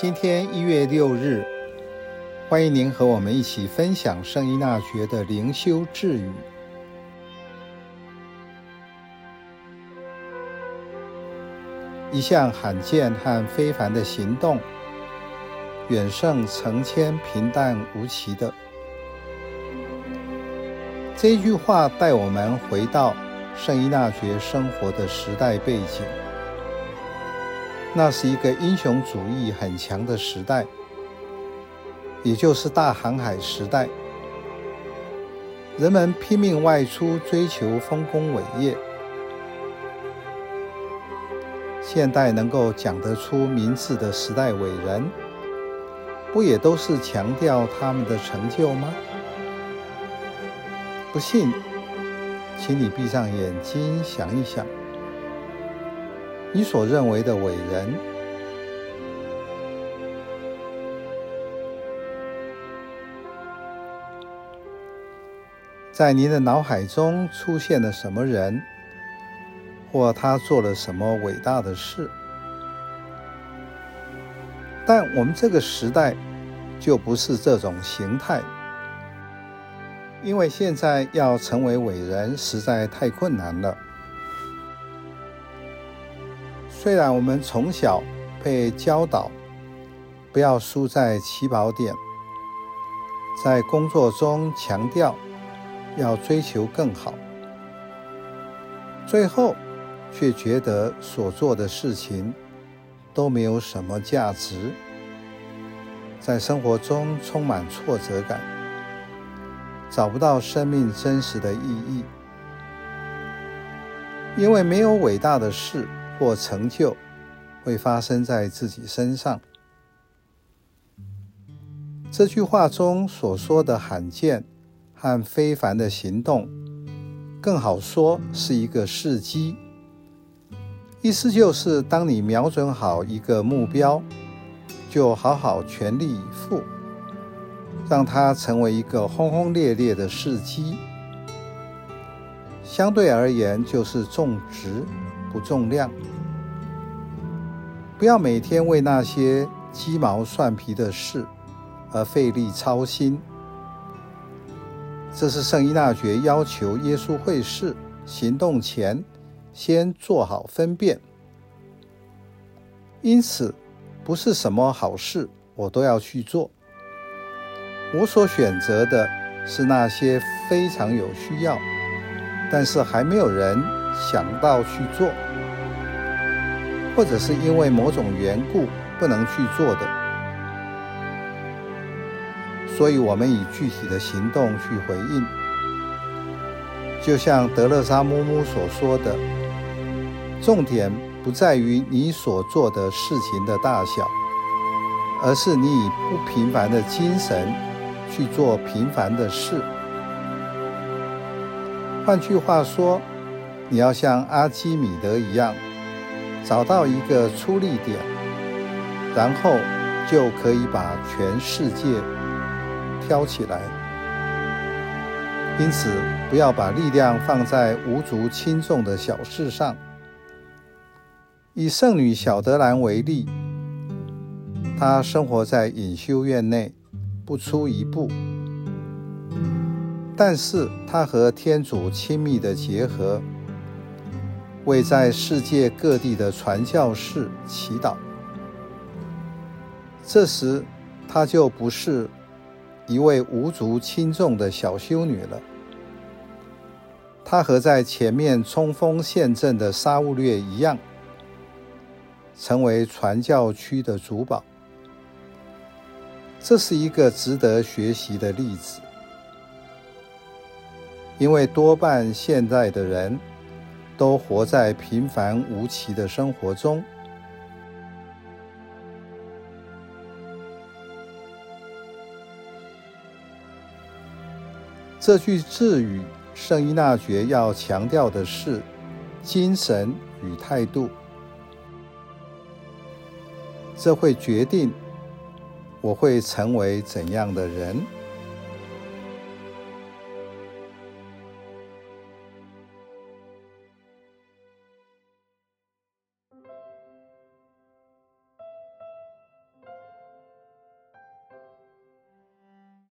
今天一月六日，歡迎您和我們一起分享聖依納爵的靈修智語。一項罕見和非凡的行動，遠勝成千平淡無奇的。這句話帶我們回到聖依納爵生活的時代背景。那是一個英雄主義很強的時代，也就是大航海時代。人們拼命外出追求豐功偉業。現代能夠講得出名字的時代偉人，不也都是強調他們的成就嗎？不信，請你閉上眼睛想一想。你所認為的偉人，在您的腦海中出現了什麼人，或他做了什麼偉大的事？但我們這個時代就不是這種形態，因為現在要成為偉人實在太困難了。雖然我們從小被教導不要輸在起跑點，在工作中強調要追求更好，最後卻覺得所做的事情都沒有什麼價值，在生活中充滿挫折感，找不到生命真實的意義，因為沒有偉大的事，或成就會發生在自己身上。這句話中所說的罕見和非凡的行動，更好說是一個事蹟。意思就是，當你瞄準好一個目標，就好好全力以赴，讓它成為一個轟轟烈烈的事蹟。相對而言，就是重質。不重量，不要每天為那些雞毛蒜皮的事而費力操心。這是聖依納爵要求耶穌會士行動前先做好分辨。因此，不是什麼好事我都要去做。我所選擇的是那些非常有需要，但是還沒有人。想到去做，或者是因為某種緣故不能去做的，所以我們以具體的行動去回應。就像德肋撒姆姆所說的，重點不在於你所做的事情的大小，而是你以不平凡的精神去做平凡的事。換句話說。你要像阿基米德一樣，找到一個出力點，然後就可以把全世界挑起來。因此，不要把力量放在無足輕重的小事上。以聖女小德蘭為例，她生活在隱修院內，不出一步，但是她和天主親密的結合。為在世界各地的傳教士祈禱。這時，她就不是一位無足輕重的小修女了。她和在前面衝鋒陷陣的沙勿略一樣，成為傳教區的主保。這是一個值得學習的例子，因為多半現在的人，都活在平凡無奇的生活中。這句智語，聖依納爵要強調的是精神與態度，這會決定我會成為怎樣的人。